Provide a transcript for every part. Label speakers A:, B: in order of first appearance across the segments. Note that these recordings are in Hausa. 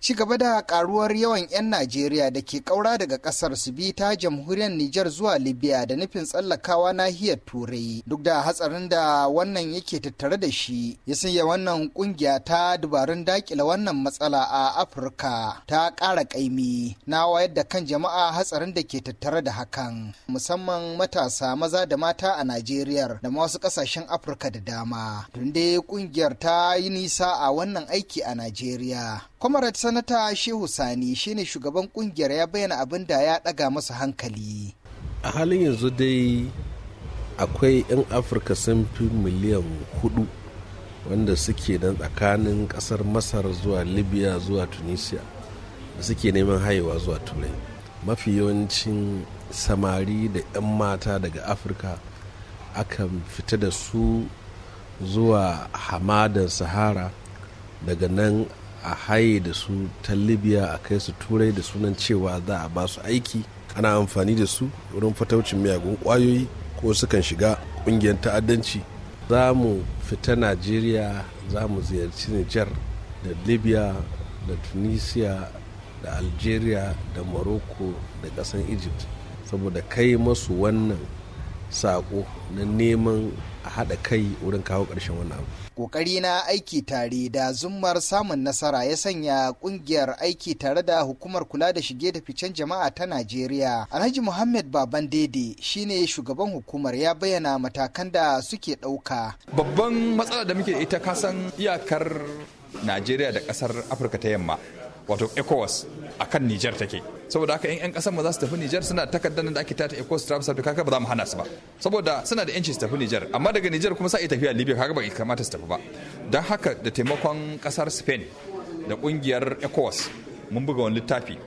A: ci gaba da karuwar yawan 'yan Najeriya da ke kaura daga kasar su bi ta jamhuriyar Nijar zuwa Libya da nufin tsallakawa nahiyar Turai duk da hatsarin da wannan yake tattare da shi ya sanya wannan kungiya ta dubarun dakila wannan matsala a Afirka ta ƙara ƙaimi na wayar da kan jama'a hatsarin da ke tattare da hakan musamman matasa maza da mata a Najeriya da ma wasu ƙasashen Afirka da dama. Tunde kungiyar ta yi nisa a wannan aiki a Najeriya. Kwamarat Sanata Shehu Sani shi ne shugaban kungiyar ya bayyana abin da ya ɗaga masa hankali.
B: A halin yanzu dai akwai 'yan Afirka sun fi miliyan hudu wanda suke nan tsakanin ƙasar Masar zuwa Libya zuwa Tunisia da suke neman haihuwa zuwa Turai. Mafi yawancin samari da 'yan mata daga Afirka akan fita da su zuwa hamadan Sahara. daga nan a haye da su ta libya a kai su turai da sunan cewa za a ba su aiki ana amfani da su wurin fataucin miyagun kwayoyi ko sukan shiga kungiyar ta'addanci za mu fita najeriya za mu ziyarci nijar da libya da tunisia da algeria da morocco da kasan egypt saboda kai masu wannan saƙo na neman a haɗa kai wurin kawo ƙarshen wannan abu.
A: Ƙoƙari na aiki tare da zummar samun nasara ya sanya ƙungiyar aiki tare da hukumar kula da shige da ficen jama'a ta Najeriya. Alhaji Muhammad Baban Dede shine shugaban hukumar ya bayyana matakan da suke ɗauka.
C: Babban matsala da muke da ita kasan iyakar Najeriya da ƙasar Afirka ta yamma wato ecowas a kan nijar take saboda haka 'yan kasar ma za su tafi nijar suna takardar da ake tata ecowas travel certificate kaga ba za mu hana su ba saboda suna da yanci su tafi nijar amma daga nijar kuma sai tafiya libya kaga ba kamata su tafi ba don haka da taimakon kasar spain da kungiyar ecowas mun buga wani littafi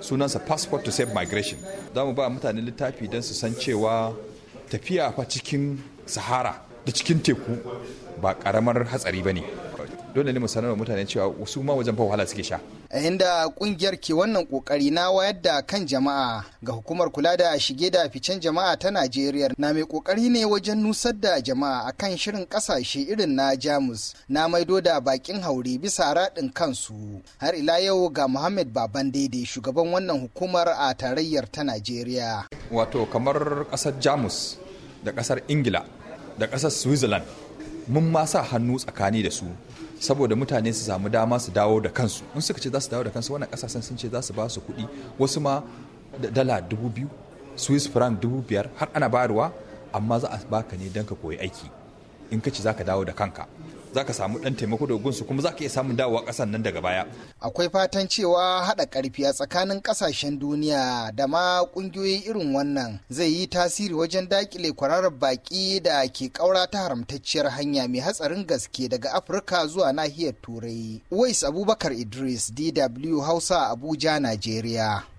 C: sunansa passport to save migration za mu ba mutane littafi don su san cewa tafiya fa cikin sahara da cikin teku ba karamar hatsari ba ne dole ne mu sanar da mutane cewa su ma wajen fa wahala suke sha
A: inda kungiyar ke wannan kokari na wayar da kan jama'a ga hukumar kula da shige da ficen jama'a ta Najeriya na mai kokari ne wajen nusar da jama'a akan shirin kasashe irin na Jamus na maido da bakin haure bisa raɗin kansu har ila yau ga Muhammad Baban Daidai shugaban wannan hukumar a tarayyar ta Najeriya
C: wato kamar kasar Jamus da kasar Ingila da kasar Switzerland mun ma sa hannu tsakani da su saboda mutane su samu dama su dawo da kansu in suka ce za su dawo da kansu wannan kasashen sun ce za su ba su kuɗi wasu ma da dala dubu biyu swiss franc dubu biyar har ana bayarwa amma za a baka ne don ka koyi aiki in ka ci za ka dawo da kanka za ka samu ɗan taimako da gunsu kuma za ka iya samun dawowa ƙasan nan daga baya.
A: Akwai fatan cewa haɗa ƙarfi a tsakanin ƙasashen duniya da ma ƙungiyoyi irin wannan zai yi tasiri wajen daƙile kwararar baƙi da ke ƙaura ta haramtacciyar hanya mai hatsarin gaske daga Afirka zuwa nahiyar Turai. Wais Abubakar Idris, DW Hausa, Abuja, Najeriya.